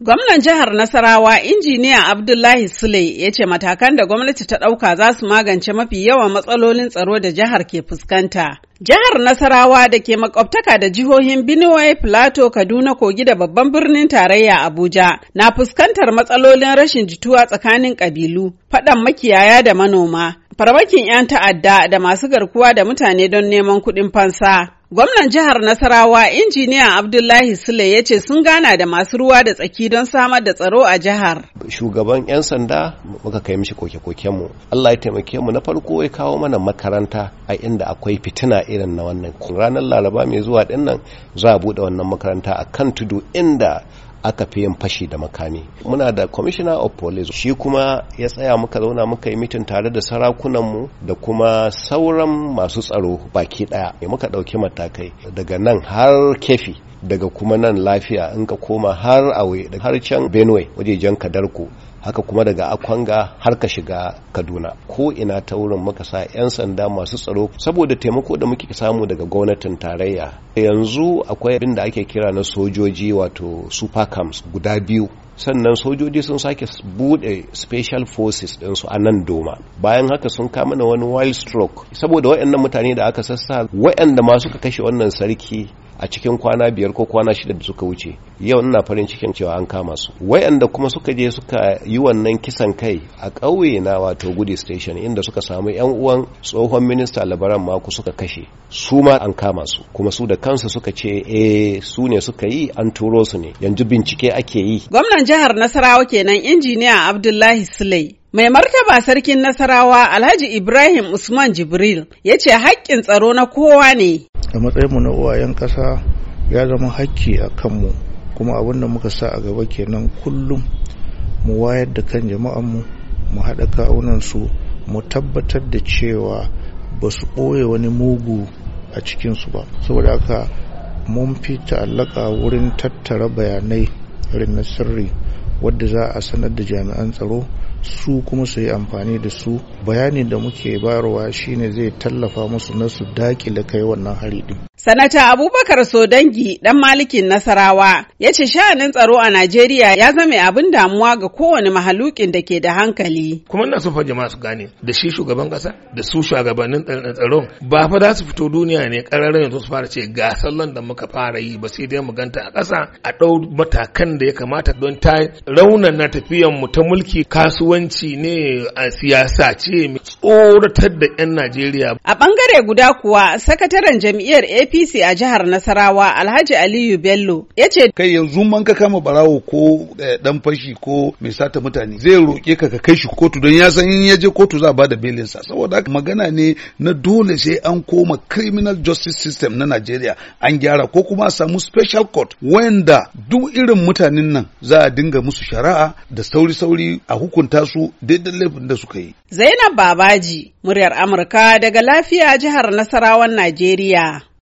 Gwamnan jihar Nasarawa injiniya Abdullahi Sule ya ce matakan da gwamnati ta ɗauka za su magance mafi yawan matsalolin tsaro da jihar ke fuskanta. Jihar Nasarawa da ke makwabtaka da jihohin Benue, Plateau, Kaduna, Kogi da babban birnin tarayya Abuja na fuskantar matsalolin rashin jituwa tsakanin ƙabilu, faɗan makiyaya da manoma, farmakin 'yan ta'adda da masu garkuwa da mutane don neman kuɗin fansa. Gwamnan jihar Nasarawa injiniya Abdullahi Sule ya ce sun gana da masu ruwa da tsaki don samar da tsaro a jihar. Shugaban 'yan sanda muka kai mishi koke-koken mu. Allah ya taimake mu na farko ya kawo mana makaranta a inda akwai fitina irin na wannan. Ranar Laraba mai zuwa dinnan za a buɗe wannan makaranta a kan tudu inda aka fi yin fashi da makami muna da commissioner of police shi kuma ya tsaya muka zauna muka yi mitin tare da sarakunanmu da kuma sauran masu tsaro baki daya muka ɗauki matakai daga nan har kefi daga kuma nan lafiya in ka koma har awe har can benue wajejen kadarku haka kuma daga akwanga har ka shiga kaduna ko ina ta wurin muka sa 'yan sanda masu tsaro saboda taimako da muke samu daga gwamnatin tarayya yanzu akwai abin da ake kira na sojoji wato super camps guda biyu sannan sojoji sun sake bude special forces ɗinsu a nan doma bayan haka sun kama na wani wild stroke saboda waɗannan mutane da aka sassa waɗanda ma suka kashe wannan sarki a cikin kwana biyar ko kwana shida da suka wuce yau ina farin cikin cewa an kama su wayanda kuma suka je suka yi wannan kisan kai a ƙauye na wato gudi station inda suka samu yan uwan tsohon minista labaran mako suka kashe su ma an kama su kuma su da kansu suka ce eh su ne suka yi an turo su ne yanzu bincike ake yi gwamnan jihar nasarawa kenan injiniya abdullahi sulai Mai martaba sarkin Nasarawa Alhaji Ibrahim Usman Jibril ya ce haƙƙin tsaro na kowa ne. a matsayinmu na uwayen ƙasa ya zama hakki a kanmu kuma abin da muka sa a gaba kenan kullum mu wayar da kan jama'anmu mu haɗa su mu tabbatar da cewa ba su ɓoye wani mugu a cikinsu ba saboda haka mun fi ta'allaka wurin tattara bayanai irin na sirri wadda za a sanar da jami'an tsaro su kuma su yi amfani da su bayanin da muke bayarwa shine zai tallafa musu na su dakile kai wannan hari din sanata abubakar sodangi dan malikin nasarawa ya ce sha'anin tsaro a najeriya ya zame abin damuwa ga kowane mahalukin da ke da hankali kuma ina so jama'a su gane da shi shugaban kasa da su shugabannin tsaron ba fa za su fito duniya ne ƙararren yanzu su fara ce ga sallan da muka fara yi ba sai dai mu ganta a ƙasa a ɗau matakan da ya kamata don ta raunana tafiyan mu ta mulki kasuwanci shugabanci ne a siyasa ce mai tsoratar da 'yan Najeriya. A bangare guda kuwa sakataren jam'iyyar APC a jihar Nasarawa Alhaji Aliyu Bello ya ce kai yanzu man ka kama barawo ko dan eh, fashi ko mai sata mutane zai roƙe ka ka kai shi kotu don ya san in ya je kotu za a bada belin sa saboda magana ne na dole sai an koma criminal justice system na Najeriya an gyara ko kuma a samu special court wanda duk irin mutanen nan za a dinga musu shari'a da sauri-sauri a hukunta su daidai laifin da suka yi. Zainab Babaji, muryar Amurka daga lafiya jihar Nasarawan Najeriya.